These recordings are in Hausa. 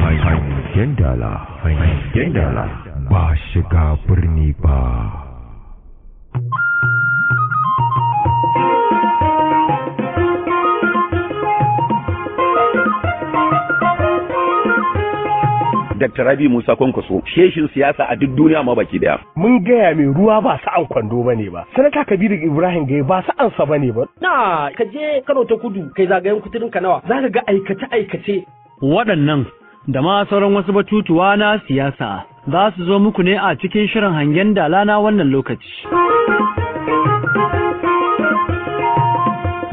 hangen ba shiga birni ba Dr. Rabi Musa Kwankwaso sheshin siyasa a duk duniya ma baki daya. Mun gaya mai ruwa ba su an kwando ba ne ba. Sanata Kabiru Ibrahim Gaye ba sa'ansa ba ne ba. Na ka je Kano ta Kudu kai zagayen kuturin Kanawa. nawa za ka ga aikace aikace. Waɗannan da ma sauran wasu batutuwa na siyasa za su zo muku ne a cikin shirin hangen dala na wannan lokaci.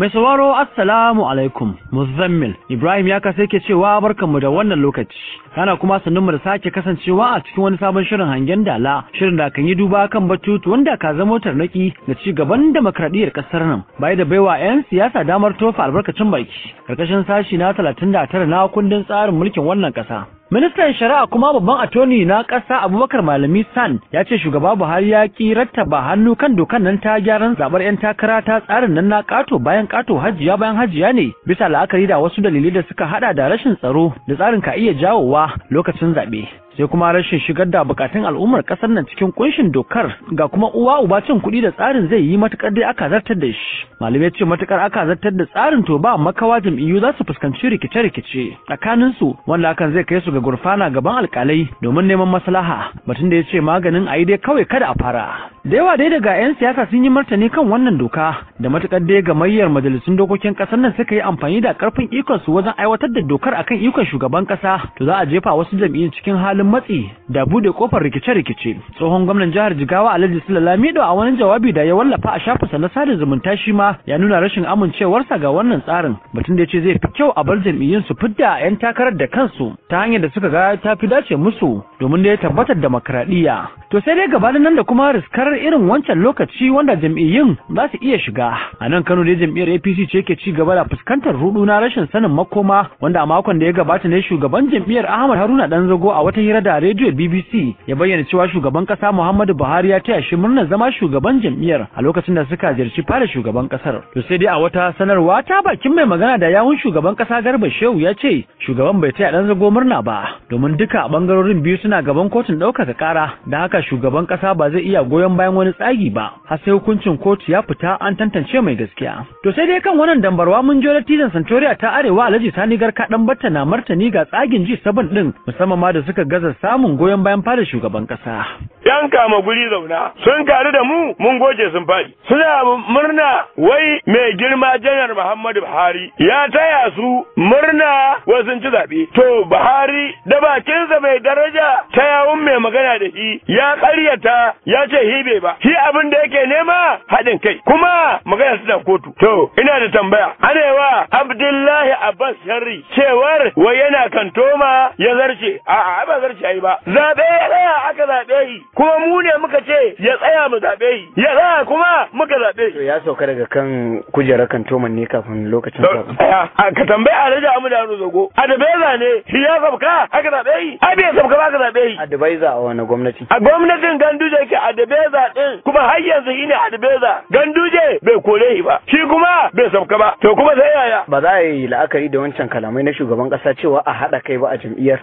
Mai sauraro Assalamu alaikum Muzammil Ibrahim ya kasa yake cewa barkanmu da wannan lokaci kana kuma sanunmu da sake kasancewa a cikin wani sabon shirin hangen dala shirin da kan yi duba kan batutu wanda ka zama tarnaki da ci gaban demokradiyyar kasar nan bai da baiwa 'yan siyasa damar tofa albarkacin baki karkashin sashi na talatin da tara na kundin tsarin mulkin wannan kasa Ministan Shari'a kuma babban atoni na ƙasa Abubakar Malami San ya ce shugaba Buhari ya ki rattaba hannu kan dokan nan ta gyaran zabar 'yan takara ta tsarin nan na ƙato bayan ƙato hajiya bayan hajiya ne bisa la'akari da wasu dalilai da suka hada da rashin tsaro da tsarin ka iya jawowa lokacin zaɓe. sai kuma rashin shigar da bukatun al'ummar kasar nan cikin kunshin dokar ga kuma uwa uba cin kuɗi da tsarin zai yi matukar dai aka zartar da shi malamai ce matukar aka zartar da tsarin to ba makawa jam'iyyu za su fuskanci rikice-rikice tsakanin su wanda hakan zai kai su ga gurfana gaban alkalai domin neman maslaha batun da ya ce maganin a yi dai kawai kada a fara da yawa dai daga 'yan siyasa sun yi martani kan wannan doka da matukar dai gamayyar majalisun dokokin kasar nan suka yi amfani da karfin ikon su wajen aiwatar da dokar akan ikon shugaban ƙasa, to za a jefa wasu jam'iyyun cikin halin matsi da bude kofar rikice-rikice tsohon gwamnan jihar jigawa alhaji sulalami da a wani jawabi da ya wallafa a shafinsa na sada zumunta shi ma ya nuna rashin amincewarsa ga wannan tsarin batun da ya ce zai fi kyau a bar jam'iyyun su fidda 'yan takarar da kansu ta hanyar da suka ga ta fi dace musu domin da ya tabbatar demokradiyya to sai dai gabanin nan da kuma riskar tarar irin wancan lokaci wanda jam'iyyun za su iya shiga a nan Kano dai jam'iyyar APC ce ke ci gaba da fuskantar rudu na rashin sanin makoma wanda a makon da ya gabata ne shugaban jam'iyyar Ahmad Haruna dan Danzago a wata hira da rediyo BBC ya bayyana cewa shugaban kasa Muhammadu Buhari ya taya shi murnar zama shugaban jam'iyyar a lokacin da suka ziyarci fara shugaban kasar to sai dai a wata sanarwa ta bakin mai magana da yawun shugaban kasa Garba Shehu ya ce shugaban bai taya dan Danzago murna ba domin duka bangarorin biyu suna gaban kotun ɗaukaka ƙara. da haka shugaban kasa ba zai iya goyon bayan wani tsagi ba har sai hukuncin kotu ya fita an tantance mai gaskiya to sai dai kan wannan dambarwa mun na Tizan santoria ta arewa alhaji sani garka dan batta na martani ga tsagin ji saban din musamman ma da suka gaza samun goyon bayan fada shugaban kasa yan kama guri zauna sun karu da mu mun goje sun fadi suna murna wai mai girma janar muhammadu buhari ya taya su murna wasu ci zaɓe to buhari da bakinsa mai daraja ta yawun mai magana da shi ya ƙaryata ya ce hibi zai ba shi abin da yake nema haɗin kai kuma magana suna kotu to ina da tambaya anewa abdullahi abbas sharri cewar wai yana kan toma ya zarce a'a ba zarce ai ba zabe ya tsaya aka zabe yi kuma mu ne muka ce ya tsaya mu zabe yi ya tsaya kuma muka zabe to ya sauka daga kan kujerar kan toma ne kafin lokacin zabe ka tambaya alhaji amina yaro zago adabeza ne shi ya sauka aka zabe yi ai bai sauka ba aka zabe yi adabeza a wani gwamnati a gwamnatin ganduje ke adabeza Albeza din kuma har yanzu ina Albeza Ganduje bai kore shi ba shi kuma bai sauka ba to kuma sai yaya ba za a yi la'akari da wancan kalamai na shugaban kasa cewa a haɗa kai ba a jam'iyyar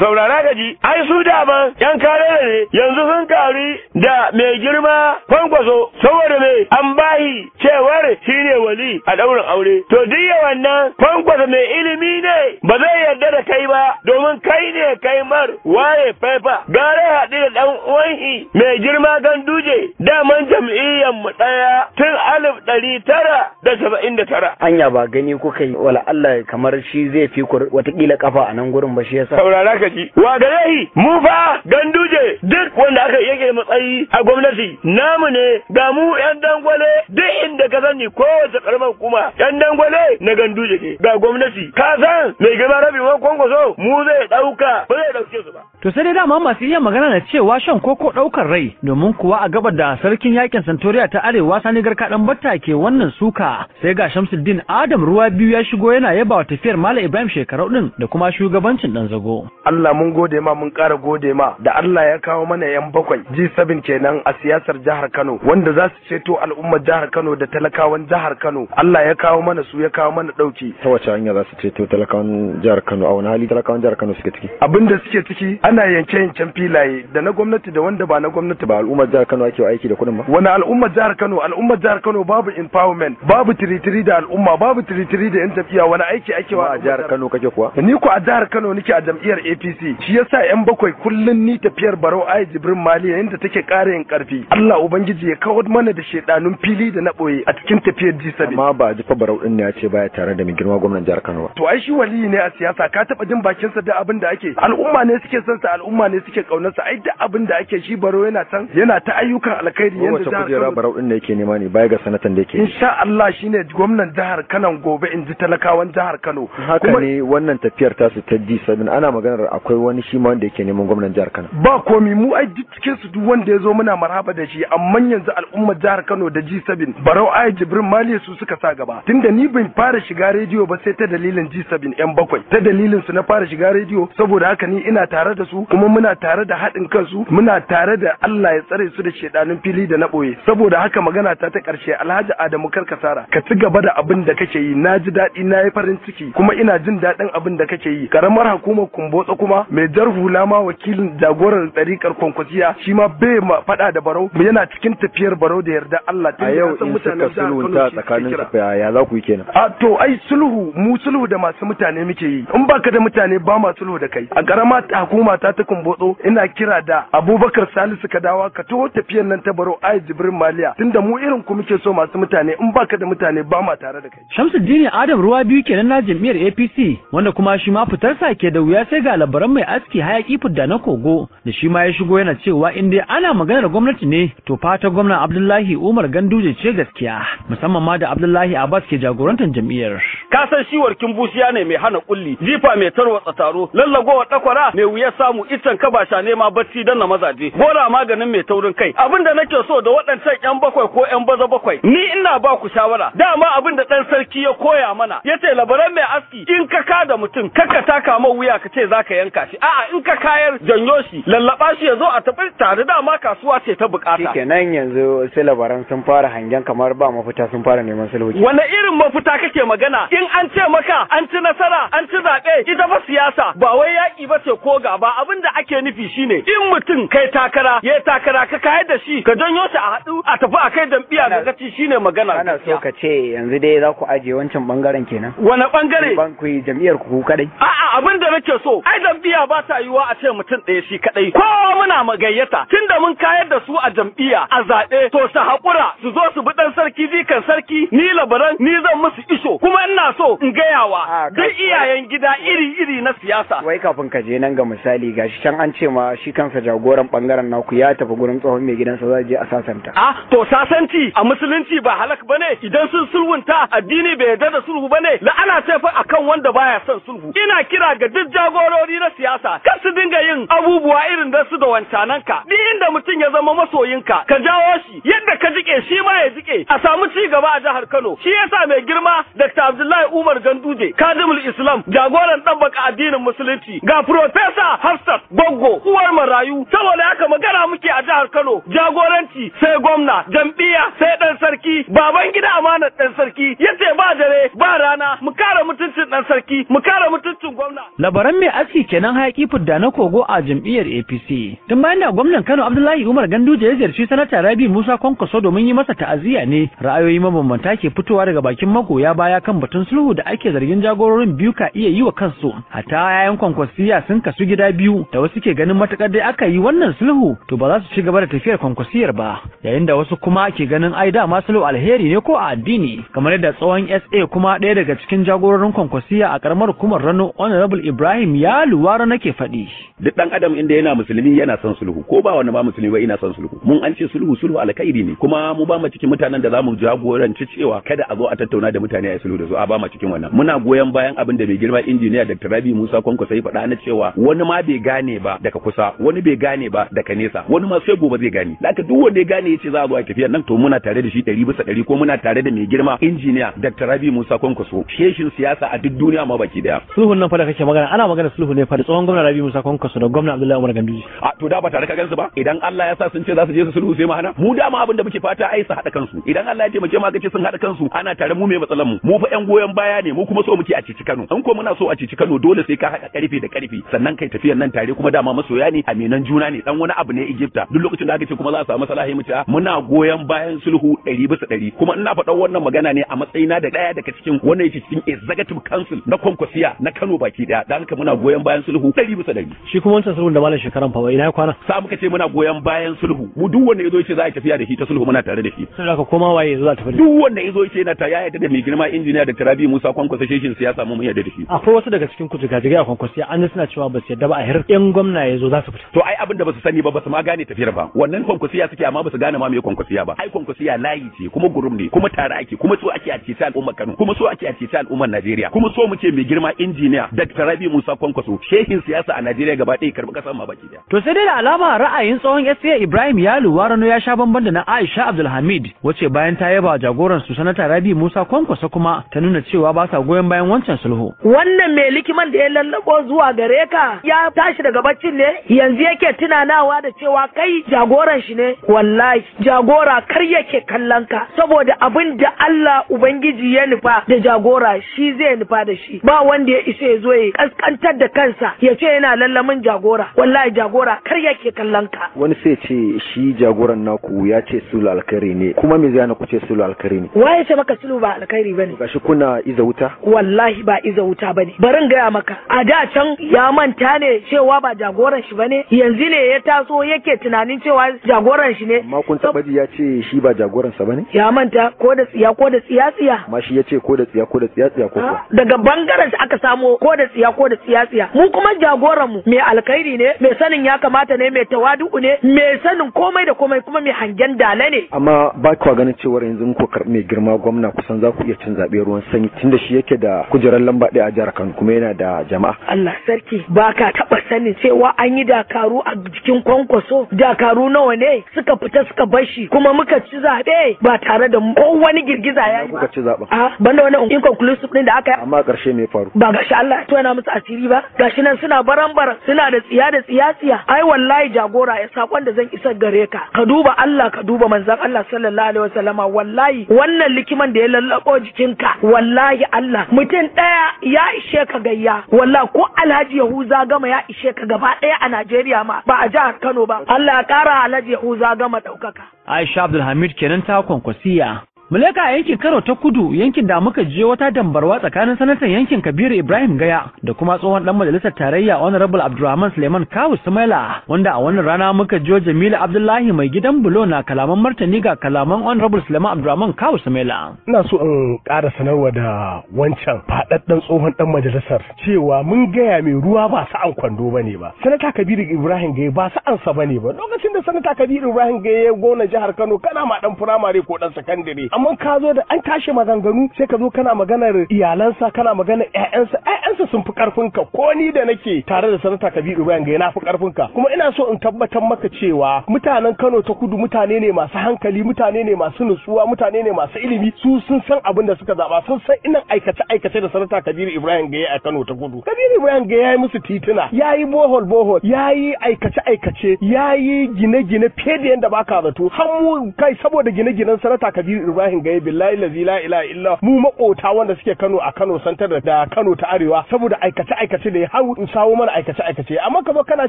saurara gaji ai su da ban. yan kare ne yanzu sun kari da mai girma kwankwaso saboda mai an bahi cewar shi ne wali a daurin aure to duk wannan kwankwaso mai ilimi ne ba zai yarda da kai ba domin kai ne kai mar waye faifa gare haɗi da ɗan uwan mai girma gandu duje daman jam'iyyar mu ɗaya tun alif ɗari tara da saba'in da tara. Anya ba gani kuka yi wala Allah kamar shi zai fi ku watakila kafa a nan gurin ba shi yasa. Saurara ka ji. Wa gare mu fa Ganduje duk wanda aka yake matsayi a gwamnati namu ne ga mu 'yan dangwale duk inda ka sani kowace karamar kuma 'yan dangwale na Duje ke ga gwamnati ka san mai gaba rabi ma kwankwaso mu zai ɗauka ba zai ɗauke su ba. To sai dai dama masu iya magana na cewa shan koko daukar rai domin kuwa a gabar da sarkin yakin Santoriya ta Arewa Sani Garka dan Batta ke wannan suka sai ga Shamsuddin Adam ruwa biyu ya shigo yana yaba wa tafiyar Malam Ibrahim Shekarau din da kuma shugabancin dan zago. Allah mun gode ma mun ƙara gode ma da Allah ya kawo mana yan bakwai G7 kenan a siyasar jihar Kano wanda za su ceto al'ummar jihar Kano da talakawan jihar Kano. Allah ya kawo mana su ya kawo mana dauki. Ta wace hanya za su ceto talakawan jihar Kano a wani hali talakawan jihar Kano suke ciki? abinda suke ciki ana yanke yancen filaye da na gwamnati da wanda ba na gwamnati ba al'ummar jihar Kano ake aiki da kuɗin ba wani al'ummar jihar Kano al'ummar jihar Kano babu empowerment babu tiritiri da al'umma babu tiritiri da yan tafiya wani aiki ake wa a jihar Kano kake kuwa ni ko a jihar Kano nake a jam'iyyar APC shi yasa yan bakwai kullun ni tafiyar Barau Ai Jibrin Mali yanda take ƙara yin ƙarfi Allah ubangiji ya kawar mana da shedanun fili da na boye a cikin tafiyar G7 amma ba jifa Barau din ne ya ce baya tare da mai girma gwamnan jihar Kano ba to ai shi waliyi ne a siyasa ka taba jin bakin sa da abin da ake al'umma ne suke son sa al'umma ne suke kaunar sa ai duk abin da ake shi Barau yana can yana ta ayyukan alkhairi yanda jihar kujera barau din ne yake nema ne baya ga sanatan da yake insha Allah shine gwamnan jihar Kano gobe inji talakawan jihar Kano haka ne wannan tafiyar ta su ta D7 ana maganar akwai wani shi ma wanda yake neman gwamnan jihar Kano ba komi mu ai duk cikin su duk wanda ya zo muna marhaba da shi amma yanzu al'umma jihar Kano da G7 barau ai Jibrin Mali su suka sa gaba tunda ni ban fara shiga rediyo ba sai ta dalilin G7 yan bakwai ta dalilin su na fara shiga rediyo saboda haka ni ina tare da su kuma muna tare da haɗin kansu muna tare da Allah ya tsare su su da shedanun fili da na boye saboda haka magana ta ta karshe Alhaji Adamu Karkasara ka ci gaba da abin da kake yi na ji daɗi na yi farin ciki kuma ina jin daɗin abin da kake yi karamar hukumar kumbotsa kuma mai jar hula ma wakilin jagoran tsarikar kwankwasiya shi ma bai ma faɗa da barau yana cikin tafiyar barau da yarda Allah ta yau in suka sulhunta tsakanin tafiya ya za ku yi kenan a to ai sulhu mu sulhu da masu mutane muke yi in baka da mutane ba ma sulhu da kai a karama hukuma ta ta kumbotso ina kira da Abubakar Salisu ka dawa ka to kawo tafiyar nan ta baro ai jibrin maliya tunda mu irin ku muke so masu mutane in baka da mutane ba ma tare da kai shamsuddin adam ruwa biyu kenan na jami'ar apc wanda kuma shi ma sa ke da wuya sai ga labaran mai aski hayaki fudda na kogo da shi ma ya shigo yana cewa in dai ana maganar gwamnati ne to fata gwamna abdullahi umar ganduje ce gaskiya musamman ma da abdullahi abbas ke jagorantar jami'ar. ka san shi warkin busiya ne mai hana kulli jifa mai tarwatsa taro lallagowa takwara mai wuya samu Itan kabasha ne ma bacci dan na mazaje gora maganin mai taurin kai abin da nake so da waɗancan ƴan bakwai ko ƴan baza bakwai ni ina ba ku shawara dama abin da ɗan sarki ya koya mana ya ce labaran mai aski in ka ka da mutum kakka taka ma wuya ka ce za ka yanka shi a'a in ka kayar janyo shi Lallaɓa shi ya zo a tafi tare dama kasuwa ce ta bukata kenan yanzu sai labaran sun fara hangen kamar ba mafita sun fara neman sulhu wani irin mafita kake magana in an ce maka an ci nasara an ci zaɓe ita fa siyasa ba wai yaƙi ba ce ko gaba abin da ake nufi shine in mutum kai takara ya takara ka shayar da shi ka janyo shi a haɗu a tafi a kai jam'iyya ga gaci shine magana ana so ka ce yanzu dai za ku aje wancan bangaren kenan wani bangare ban ku jam'iyyar ku kadai a'a abin da nake so ai jam'iyya ba ta yiwa a ce mutum ɗaya shi kadai kowa muna magayyata tunda mun kayar da su a jam'iyya a zaɓe to su haƙura su zo su bi ɗan sarki jikan sarki ni labaran ni zan musu iso kuma ina so in gayawa duk iyayen gida iri-iri na siyasa wai kafin ka je nan ga misali gashi can an ce ma shi kansa jagoran bangaren naku ya tafi gurin tsohon kawun mai gidansa za a je a sasanta. A ah, to sasanci a musulunci ba halak ba ne idan sun sulhunta addini bai yarda da sulhu ba ne la'ana ce fa akan wanda baya son sulhu. Ina kira ga duk jagorori na siyasa kar su dinga yin abubuwa irin da su da wancananka. Duk inda mutum ya zama masoyin ka ka jawo shi yadda ka jike shi ma ya jike a samu ci gaba a jihar Kano. Shi yasa mai girma Dr. Abdullahi Umar Ganduje Kadimul Islam jagoran dan baka addinin musulunci ga Professor Hafsat Goggo uwar marayu saboda haka magana muke a jihar Kano Kano jagoranci sai gwamna jam'iyya sai ɗan sarki baban gida amanar ɗan sarki yace ba dare ba rana mu kare mutuncin ɗan sarki mu kare mutuncin gwamna labaran mai aski kenan hayaki fudda na kogo a jam'iyyar APC tun bayan da gwamnan Kano Abdullahi Umar Gandu Ganduje ya ziyarci sanata Rabi Musa Kwankwaso domin yi masa ta'aziyya ne ra'ayoyi mabambanta ke fitowa daga bakin magoya baya kan batun sulhu da ake zargin jagororin biyu ka iya yi wa kansu hatta yayan kwankwasiya sun kasu gida biyu da wasu ke ganin matakar dai aka yi wannan sulhu to ba za su ci gaba da tafiyar kwankwasiyar ba yayin da wasu kuma ke ganin ai da salo alheri ne ko a addini kamar yadda tsohon SA kuma ɗaya daga cikin jagororin kwankwasiya a karamar hukumar Rano Honorable Ibrahim ya luwara nake faɗi duk dan adam inda yana musulmi yana son sulhu ko ba wani ba musulmi ba ina son sulhu mun an ce sulhu sulhu alkhairi ne kuma mu ba mu cikin mutanen da zamu jagoranci cewa kada a zo a tattauna da mutane a sulhu da su a ba mu cikin wannan muna goyon bayan abin da mai girma injiniya Dr. Rabi Musa Kwankwasa ya faɗa na cewa wani ma bai gane ba daga kusa wani bai gane ba daga nesa wani ma sai gobe zai zai gane da aka duk wanda ya gane yace za a zo a tafiyar nan to muna tare da shi ɗari bisa ɗari ko muna tare da mai girma injiniya Dr. Rabi Musa Kwankwaso sheshin siyasa a duk duniya ma baki daya sulhun nan fa da kake magana ana magana sulhu ne fa da tsohon gwamna Rabi Musa Kwankwaso da gwamna Abdullahi Umar Ganduje a to da ba tare ka gansu ba idan Allah ya sa sun ce za su je su sulhu sai mu hana mu dama abin da muke fata ai su haɗa kansu idan Allah ya taimake ma aka ce sun haɗa kansu ana tare mu mai matsalan mu mu fa yan goyon baya ne mu kuma so muke a cici Kano an ko muna so a cici Kano dole sai ka haɗa ƙarfi da ƙarfi sannan kai tafiyar nan tare kuma dama masoya ne aminan juna ne dan wani abu ne Egypta duk lokacin da aka ce kuma za a samu salahi mu ce ah, muna goyon bayan sulhu ɗari bisa ɗari kuma ina faɗa wannan magana ne a matsayina da ɗaya daga cikin wannan yake cikin executive council na kwankwasiya na Kano baki ɗaya da haka muna goyon bayan sulhu ɗari bisa ɗari. Shi kuma wancan sulhun da malam shekaran fa ina ya kwana. Sa muka ce muna goyon bayan sulhu mu duk wanda ya zo ya za a tafiya da shi ta sulhu muna tare da shi. Sai ka koma waye zo za tafi da Duk wanda ya zo ya ce yana ta ya da mai girma injiniya da tarabi Musa kwankwasa sheshin siyasa mu mun yarda da shi. Akwai wasu daga cikin kujigajigai a kwankwasiya an suna cewa ba su yadda ba a hirar 'yan gwamna ya zo za su fita. To ai abin da ba su sani ba ba su ma gane tafiyar ba wannan kwankwasiya suke amma ba su gane ma me kwankwasiya ba ai kwankwasiya layi ce kuma gurum ne kuma tare ake kuma so ake a cece al'ummar Kano kuma so ake a cece al'ummar Najeriya kuma so muke mai girma injiniya Dr. Rabi Musa Kwankwaso shehin siyasa a Najeriya gaba ɗaya karɓi kasar ma baki ɗaya to sai dai da alama ra'ayin tsohon SA Ibrahim Yalu Warano ya sha bamban da na Aisha Abdulhamid wace bayan ta yaba jagoran su sanata Rabi Musa Kwankwaso kuma ta nuna cewa ba sa goyon bayan wancan sulhu wannan mai likiman da ya lallabo zuwa gare ka ya tashi daga baccin ne yanzu yake tunanawa da cewa kai jagoran shi ne wallahi jagora kar yake kallon ka saboda abin da Allah ubangiji ya nufa da jagora shi zai nufa da shi ba wanda ya isa ya zo ya kaskantar da kansa ya ce yana lallamin jagora wallahi jagora kar yake kallon ka wani sai ce shi jagoran naku ya ce sulu alkhairi ne kuma me zai ku ce sulu alkhairi ne waye ce maka sulu ba alkhairi bane gashi kuna iza wuta wallahi ba iza wuta bane barin gaya maka a da can ya manta ne cewa ba jagoran shi bane yanzu ne ya taso yake tunanin cewa cewa jagoran shi ne amma kun taba ya ce shi ba jagoran sa bane ya manta ko da tsiya ko da tsiya tsiya amma shi ya ce ko da tsiya ko da tsiya tsiya ko ah, daga bangaren aka samo ko da tsiya ko da tsiya tsiya mu kuma jagoran mu mai alkhairi ne mai sanin ya kamata ne mai tawadu'u ne mai sanin komai da komai kuma mai hangen dala ne amma ba kwa ganin cewa yanzu ku ko mai girma gwamna kusan za ku iya cin zaɓe ruwan sanyi tunda shi yake da kujerar lamba ɗaya a jihar Kano kuma yana da jama'a Allah sarki ba ka taɓa sanin cewa an yi dakaru a jikin kwankwaso dakaru nawa ne suka fita suka bashi kuma muka ci zaɓe ba tare da ko wani girgiza ya yi ba. ci A ah, banda wani inconclusive ne da aka yi. Amma ƙarshe me faru. Ba gashi Allah ya yana musu asiri ba. Gashi nan suna baran-baran suna da tsiya da tsiya-tsiya. Ai wallahi jagora ya sakon da zan isar gare ka. Ka duba Allah ka duba manzon Allah sallallahu alaihi wasallama wallahi wannan likiman da ya lallako jikinka wallahi Allah mutum ɗaya ya ishe ka gayya wallahi ko Alhaji Yahuza gama ya ishe ka gaba ɗaya a Najeriya ma ba a jihar Kano ba. Allah ya kara alhaji uza gama ɗaukaka. Aisha Abdulhamid kenan ta kwankwasiya. Muleka a yankin Kano ta Kudu yankin da muka je wata dambarwa tsakanin sanatan yankin Kabiru Ibrahim Gaya da kuma tsohon dan majalisar tarayya Honorable Abdulrahman Suleiman Kawu Sumaila wanda a wannan rana muka je Jamilu Abdullahi mai gidan Bulo na kalaman martani ga kalaman Honorable Suleiman Abdulrahman Kawu Sumaila. Ina so in ƙara sanarwa da wancan faɗaɗɗen tsohon dan majalisar cewa mun gaya mai ruwa ba an kwando bane ba. Sanata Kabiru Ibrahim Gaya ba sa bane ba. Lokacin da Sanata Kabiru Ibrahim Gaya ya gona jihar Kano kana ma dan firamare ko dan sakandare. amma ka zo da an tashi maganganu sai ka zo kana maganar iyalansa kana maganar ƴaƴansa ƴaƴansa sun fi ƙarfinka ko ni da nake tare da sanata Kabiru Bayan ga na fi ƙarfinka kuma ina so in tabbatar maka cewa mutanen Kano ta Kudu mutane ne masu hankali mutane ne masu nutsuwa mutane ne masu ilimi su sun san abin da suka zaba sun san inan aikace aikace da sanata Kabiru Ibrahim Gaye a Kano ta Kudu Kabiru Ibrahim Gaye ya yi musu tituna ya yi bohol bohol ya yi aikace aikace ya yi gine gine fiye da yadda baka zato har mu kai saboda gine ginen sanata Kabiru Ibrahim Ibrahim Gaye billahi lazi la ilaha illa mu makota wanda suke Kano a Kano santar da Kano ta Arewa saboda aikace aikace da ya hau in sawo mana aikace aikace amma kamar kana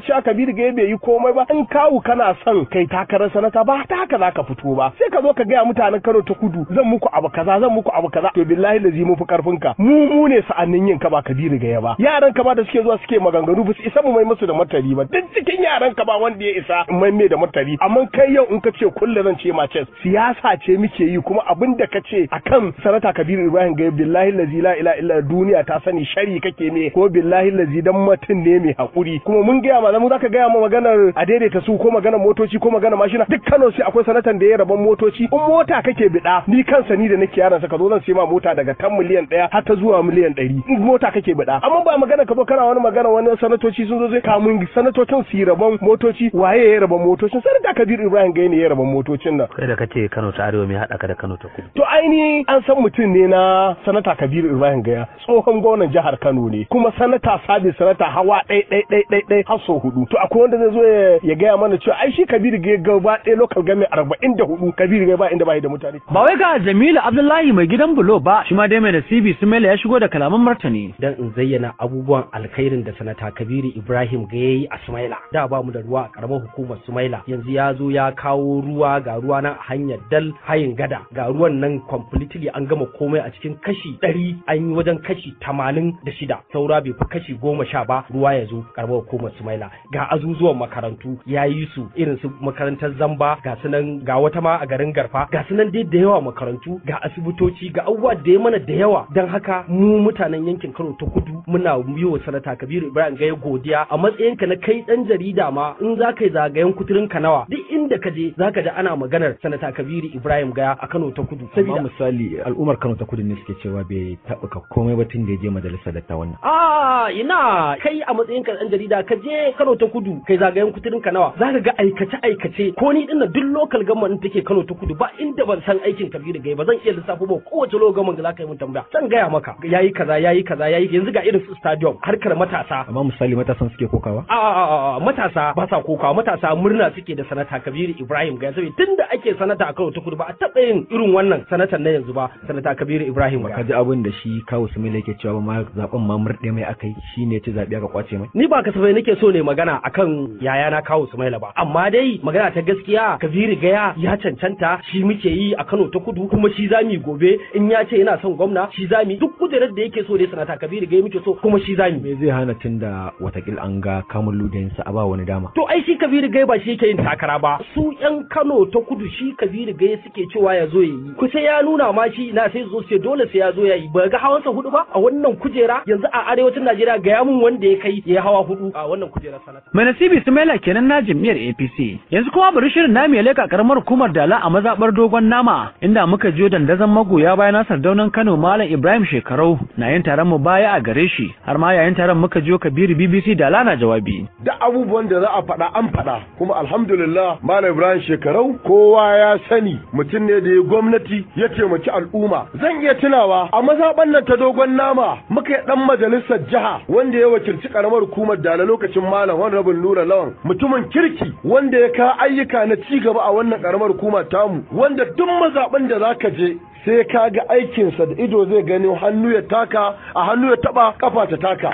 cewa Kabiru Gaye bai yi komai ba in kawu kana son kai takarar sanata ba ta haka zaka fito ba sai ka zo ka gaya mutanen Kano ta Kudu zan muku abu kaza zan muku abu kaza to billahi lazi mu fi karfin ka mu mu ne sa'annin yin ka ba Kabiru Gaye ba yaran ka ba da suke zuwa suke maganganu ba su isa mu mai musu da matari ba duk cikin yaran ka ba wanda ya isa mai mai da matari amma kai yau in ka ce kullu zan ce ma siyasa ce muke yi kuma abin da kace akan sanata kabiru ibrahim ga billahi lazi la ila illa duniya ta sani shari kake ne ko billahi lazi dan mutun ne mai hakuri kuma mun gaya malamu zaka gaya ma maganar a daidaita su ko maganar motoci ko maganar mashina duk Kano sai akwai sanatan da ya rabon motoci in mota kake bida ni kansa ni da nake yaran ka zo zan sai ma mota daga tan miliyan ɗaya har ta zuwa miliyan ɗari in mota kake bida amma ba magana ka zo kana wani magana wani sanatoci sun zo zai mun sanatocin su rabon motoci waye ya rabon motocin sanata kabiru ibrahim ne ya rabon motocin nan kai da kace Kano ta arewa mai hada ka da Kano ta kudu to ainihi an san mutum ne na sanata kabiru ibrahim gaya tsohon gwamnan jihar kano ne kuma sanata sabi sanata hawa ɗai ɗai ɗai ɗai ɗai har hudu to akwai wanda zai zo ya gaya mana cewa ai shi kabiru gaya gaba ɗaya local government arba'in da hudu kabiru gaya ba inda ba da mutane. ba wai ga jamilu abdullahi mai gidan bulo ba shi ma dai mai nasibi sumela ya shigo da kalaman martani. dan in zayyana abubuwan alkhairin da sanata kabiru ibrahim gaya yi a sumaila da ba mu da ruwa a karamar hukumar sumaila yanzu ya zo ya kawo ruwa ga ruwa na hanyar dal hayin gada ga taruwan nan completely an gama komai a cikin kashi ɗari an yi wajen kashi tamanin da shida saura bai fi kashi goma sha ba ruwa ya zo karɓar hukumar sumaila ga azuzuwan makarantu ya yi su irin su makarantar zamba ga sunan ga wata ma a garin garfa ga sunan dai da yawa makarantu ga asibitoci ga abubuwa da ya mana da yawa don haka mu mutanen yankin kano ta kudu muna yi wa sanata kabiru ibrahim gaya godiya a matsayinka na kai ɗan jarida ma in za ka yi zagayen kuturin nawa duk inda ka je za ka ji ana maganar sanata kabiru ibrahim gaya a kano ta Kudu. Amma misali al'ummar Kano ta Kudu ne suke cewa bai ka komai ba tun da je majalisar dattawan. Ah ina kai a matsayin ka dan jarida ka je Kano ta Kudu kai zagayen kuturin ka nawa za ka ga aikace aikace ko ni dinna duk lokal government take Kano ta Kudu ba inda ban san aikin kabiru da ba zan iya lissafo ba kowace local government da za ka yi mun tambaya zan gaya maka yayi kaza yayi kaza yayi yanzu ga irin su stadium harkar matasa. Amma misali matasan suke kokawa? Ah matasa ba sa kokawa matasa murna suke da sanata Kabiru Ibrahim ga sabi tunda ake sanata a Kano ta Kudu ba a taba yin irin wannan sanatan na yanzu ba sanata kabiru ibrahim ba ji abin da shi kawo su mai yake cewa ma zaben ma murde mai akai shi ya ci zaɓe aka kwace mai ni ba kasafai nake so ne magana akan yaya na kawo su ba amma dai magana ta gaskiya kabiru gaya ya cancanta shi muke yi a Kano ta kudu kuma shi za mu gobe in ya ce yana son gwamna shi za mu. duk kujerar da yake so dai sanata kabiru gaya muke so kuma shi za mu. me zai hana tun da watakil an ga kamun ludayinsa a ba wani dama to ai shi kabiru gaya ba shi yake yin takara ba su yan Kano ta kudu shi kabiru gaya suke cewa ya zo yi kusa ya nuna ma shi na sai zo sai dole sai ya zo ya yi ba ga hawan sa hudu ba a wannan kujera yanzu a arewacin Najeriya ga yamun wanda ya kai ya hawa hudu a wannan kujera sanata mai nasibi Sumaila kenan na jami'ar APC yanzu kuma bari shirin na ya leka karamar hukumar Dala a mazabar dogon nama inda muka jiyo dandazon magoya bayan Nasar Daunan Kano Malam Ibrahim Shekarau na yin taron mu baya a gare shi har ma yayin taron muka jiyo Kabiru BBC Dala na jawabi da abubuwan da za a faɗa an faɗa kuma alhamdulillah Malam Ibrahim Shekarau kowa ya sani mutum ne da ya gwamnati ya taimaki al'umma zan iya tunawa a mazaɓan nan ta dogon nama muka yi ɗan majalisar jiha wanda ya wakilci ƙaramar hukumar da na lokacin malam rabin nura lawan mutumin kirki wanda ya kawo ayyuka na ci gaba a wannan ƙaramar hukumar tamu wanda duk mazaɓan da za ka je sai ka ga aikinsa da ido zai gani hannu ya taka a hannu ya taba kafa ta taka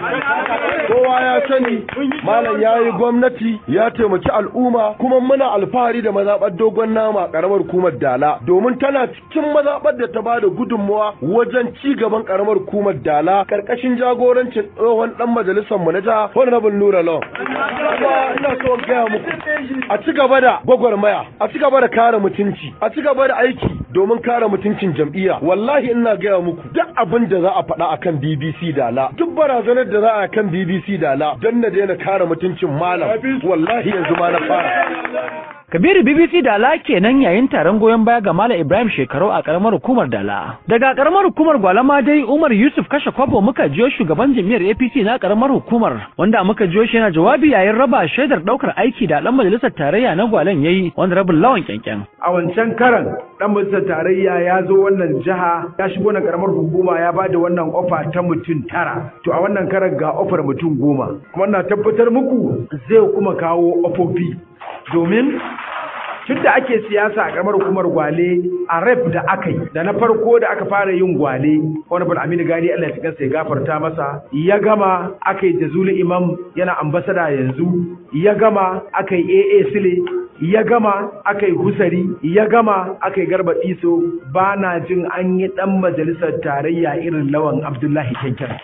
kowa ya sani malam ya yi gwamnati ya taimaki al'umma kuma muna alfahari da mazaɓar dogon nama karamar hukumar dala domin tana cikin mazaɓar da ta ba da gudunmawa wajen ci gaban karamar hukumar dala karkashin jagorancin tsohon dan majalisar mu na jiha honorable nura lon ina so gaya muku a ci gaba da gwagwarmaya a ci gaba da kare mutunci a ci gaba da aiki domin kare mutuncin jam'iyya wallahi ina gaya muku duk abin da za a faɗa akan BBC dala duk barazanar da za a kan BBC dala don na daina kare mutuncin malam wallahi yanzu ma na fara Kabiru BBC Dala kenan yayin taron goyon baya ga Malam Ibrahim Shekaru a karamar hukumar Dala. Daga karamar hukumar Gwalama dai Umar Yusuf Kashe Kwabo muka jiyo shugaban jami'ar APC na karamar hukumar wanda muka jiyo shi yana jawabi yayin raba shaidar daukar aiki da dan majalisar tarayya na Gwalan yayi wanda rabin lawan kyankyan. A wancan karan dan majalisar tarayya ya zo wannan jiha ya shigo na karamar hukuma ya ba da wannan ofa ta mutum tara. To a wannan karan ga ofar mutum goma. Kuma na tabbatar muku zai kuma kawo ofofi domin tun da ake siyasa a kamar hukumar gwale a rep da aka yi da na farko da aka fara yin gwale honorable aminu gani allah ya sai gafarta masa ya gama aka yi jazuli imam yana ambasada yanzu ya gama aka yi aa sile ya gama aka yi husari ya gama aka yi garba iso ba na jin an yi dan majalisar tarayya irin lawan abdullahi kyankyan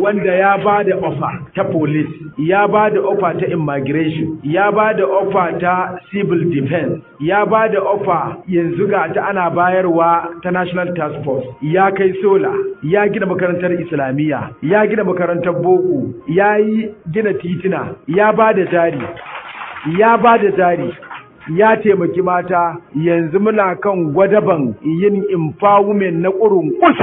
wanda ya ba da ofa ta police ya ba da ofa ta immigration ya ba da ofa ta civil defense ya ba da ofa yanzu ga ta ana bayarwa ta national task force ya kai sola ya gina makarantar islamiyya ya gina makarantar boko ya yi gina titina ya ba da jari ya ba da jari ya taimaki mata yanzu muna kan gwadaban yin empowerment na ƙurin kus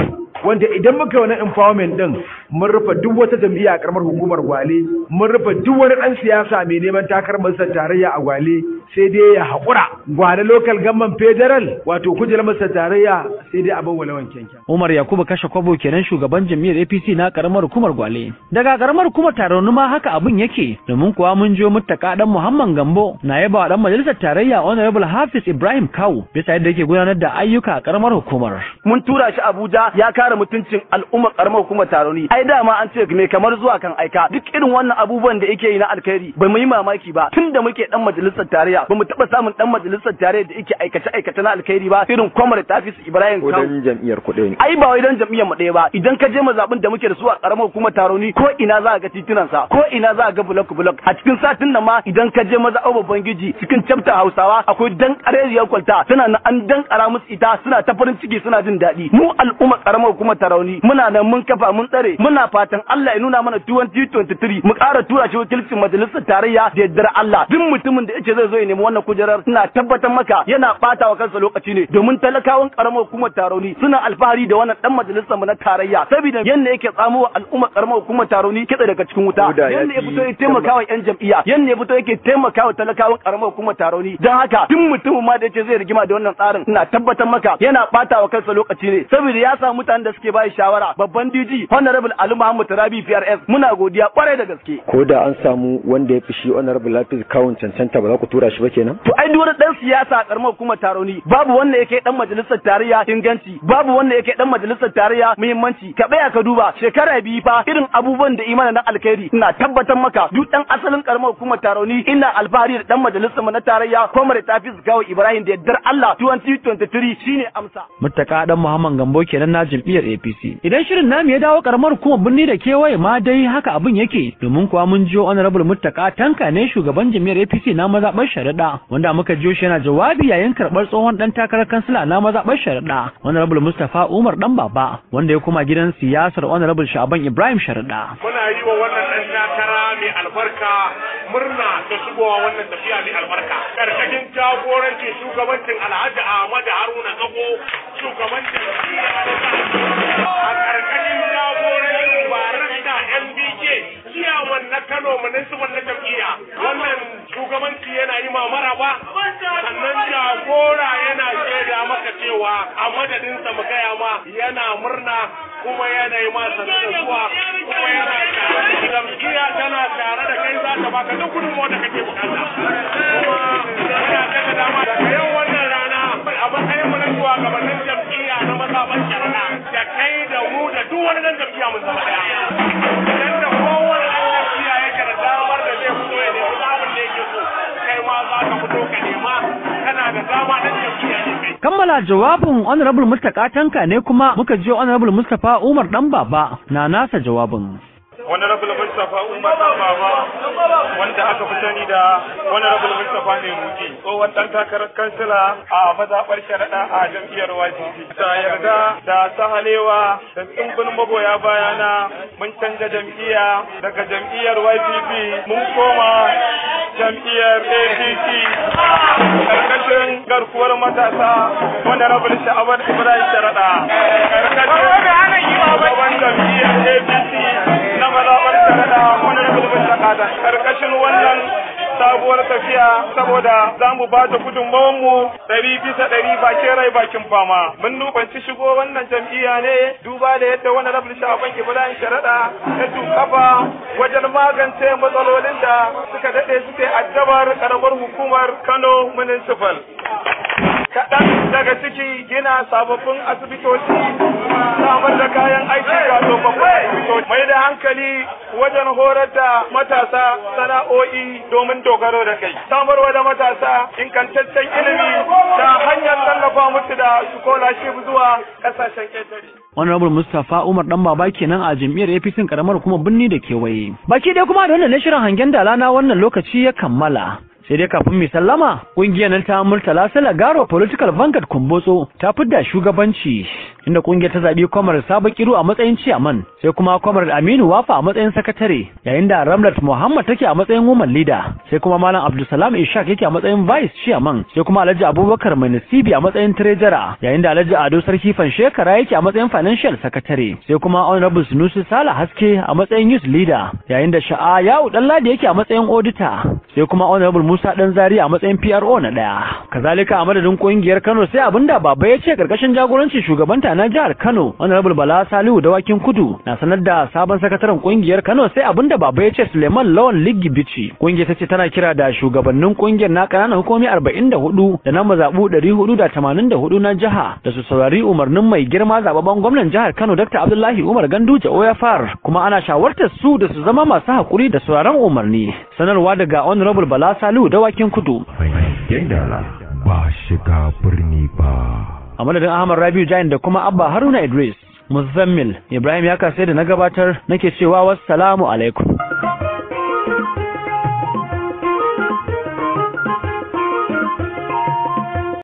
wanda idan muka yi wani empowerment din mun rufe duk wata jam'iyya a karamar hukumar gwale mun rufe duk wani ɗan siyasa mai neman takarar masar tarayya a gwale sai dai ya haƙura gwale local gamman federal wato kujerar masar tarayya sai dai abin walawan kyankyan. umar yakubu kashe kwabo kenan shugaban jam'iyyar apc na karamar hukumar gwale daga karamar hukumar taron ma haka abin yake domin kuwa mun jo muttaka dan muhammad gambo na yaba wa dan majalisar tarayya honorable hafiz ibrahim kawu bisa yadda yake gudanar da ayyuka a karamar hukumar. mun tura shi abuja ya kare mutuncin al'ummar karamar hukumar taroni ai dama an ce me kamar zuwa kan aika duk irin wannan abubuwan da yake yi na alkhairi ba mu yi mamaki ba tun da muke dan majalisar tarayya ba mu taba samun dan majalisar tarayya da yake aikace aikace na alkhairi ba irin kwamar tafis ibrahim kawo dan jam'iyyar kuɗi ai ba wai dan jam'iyyar mu ɗaya ba idan ka je mazabin da muke da su a karamar hukumar taroni ko ina za ka ga titunan sa ko ina za ka ga block block a cikin satin nan ma idan ka je mazaɓar babban giji cikin chapter hausawa akwai dan ƙareriyar kwalta suna nan an dan kara musu ita suna ta farin ciki suna jin daɗi mu al'umma karamar hukumar taroni muna nan mun kafa mun tsare muna fatan Allah ya nuna mana 2023 mu ƙara tura shi wakilcin majalisar tarayya da yaddar Allah duk mutumin da yake zai zo ya nemi wannan kujerar suna tabbatar maka yana ɓata wa kansa lokaci ne domin talakawan karamar hukumar taroni suna alfahari da wannan dan majalisar mu na tarayya saboda yanda yake tsamo wa al'umma karamar hukumar taroni kitse daga cikin wuta yanda ya fito ya taimaka wa yan jam'iyya yanda ya fito yake taimaka wa talakawan karamar hukumar taroni dan haka duk mutumin ma da yake zai rigima da wannan tsarin suna tabbatar maka yana bata wa kansa lokaci ne saboda ya sa mutanen da suke bai shawara babban DG honorable Ali Muhammad Rabi PRS muna godiya kwarai da gaske ko da an samu wanda ya fi shi honorable Hafiz kawun cancanta ba za ku tura shi ba kenan to ai duwar dan siyasa karamar kuma taroni babu wanda yake dan majalisar tarayya inganci babu wanda yake dan majalisar tarayya muhimmanci ka baya ka duba shekara biyu fa irin abubuwan da imana na alkhairi ina tabbatar maka duk dan asalin karamar hukumar taroni ina alfahari da dan majalisar mu na tarayya Komare Tafiz Gawo Ibrahim da yaddar Allah 2023 shine amsa mutaka dan Muhammad Gambo kenan na jam'iyyar APC idan shirin namu ya dawo karamar Kuma birni da kewaye ma dai haka abin yake domin kuwa mun jiyo honorable muttaka tanka ne shugaban jami'ar apc na mazaɓar sharaɗa wanda muka jiyo shi yana jawabi yayin karɓar tsohon ɗan takarar kansila na mazaɓar sharaɗa honorable mustapha umar ɗan baba wanda ya kuma gidan siyasar honorable sha'aban ibrahim sharaɗa. muna yi wa wannan ɗan takara mai albarka murna da shigowa wannan tafiya mai albarka ƙarƙashin jagoranci shugabancin alhaji ahmad haruna kago shugabancin a ƙarƙashin ciyaman na Kano municipal na jam'iyya wannan shugabanci yana yi mamara ba sannan jagora yana shaida maka cewa a madadinsa mu gaya ma yana murna kuma yana yi masa zuwa kuma yana jam'iyya tana tare da kai za ta baka duk gudunmawa da kake bukata kuma yana daga dama daga yau wannan rana a matsayin mu na shugabannin jam'iyya na mazaɓar sharana da kai da mu da duk wani mun zama kammala jawabin honorable tanka ne kuma muka je honorable mustapha umar dan baba na nasa jawabin honorable mustapha umar dan baba wanda aka fi sani da honorable mustapha ne ruji tsohon dan takarar kansila a mazaɓar sharaɗa a jam'iyyar wajibi Ta yarda da sahalewa da tsumbin magoya bayana mun canja jam'iyya daga jam'iyyar ypp mun koma jam'iyyar APC karkashin garkuwar matasa wanda rabu sha'awar Ibrahim Sharaɗa karkashin shugaban jam'iyyar APC na mazaɓar Sharaɗa wanda rabu sha'awar karkashin wannan sabuwar tafiya saboda za mu ba ta mu ɗari bisa ɗari bakin rai bakin fama. Mun nufanci shigo wannan jam'iyya ne duba da yadda wani rabin shafan Ibrahim Sharaɗa ya tukafa wajen magance matsalolin da suka daɗe suke addabar ƙaramar hukumar Kano Municipal. kaɗan daga ciki gina sababbin asibitoci samar da kayan aiki ga tsofaffin asibitoci mai da hankali wajen horar da matasa sana'o'i domin dogaro da kai samarwa da matasa ingantaccen ilimi ta hanyar tallafa musu da scholarship zuwa ƙasashen ƙetare honorable mustapha umar dan baba kenan a jam'iyyar apc karamar kuma binni da kewaye baki dai kuma da wannan na shirin hangen dala na wannan lokaci ya kammala sai dai kafin mai sallama ƙungiyar nan ta murtala garo political vanguard kumbotso ta fidda shugabanci inda kungiyar ta zabi Comrade Sabo Kiru a matsayin chairman sai kuma Comrade Aminu Wafa a matsayin sakatare yayin da Ramlat Muhammad take a matsayin woman leader sai kuma Malam Abdulsalam Ishaq yake a matsayin vice chairman sai kuma Alhaji Abubakar Mai a matsayin treasurer yayin da Alhaji Ado Sarki Fanshekara yake a matsayin financial secretary sai kuma Honorable Sunusi Sala Haske a matsayin youth leader yayin da Sha'a Yawu Danladi yake a matsayin auditor sai kuma Honorable Musa Danzari a matsayin PRO na daya kazalika a madadin kungiyar Kano sai abinda baba ya ce karkashin jagorancin shugabanta na jihar Kano Honorable Bala Salihu Dawakin Kudu na sanar da sabon sakataren kungiyar Kano sai abinda baba ya ce Suleiman Lawan Liggi Bichi kungiyar tace tana kira da shugabannin kungiyar na kananan hukumomi 44 da na mazabu 484 na jiha da su saurari umarnin mai girma zababban gwamnan jihar Kano Dr. Abdullahi Umar Ganduje OFR kuma ana shawartar su da su zama masu hakuri da sauraron umarni sanarwa daga Honorable Bala Salihu Dawakin Kudu. yeah. ba shiga birni ba a madadin ahmad rabiu jain da kuma abba haruna idris muzammil ibrahim ya kasai da na gabatar nake cewa wasu salamu alaikum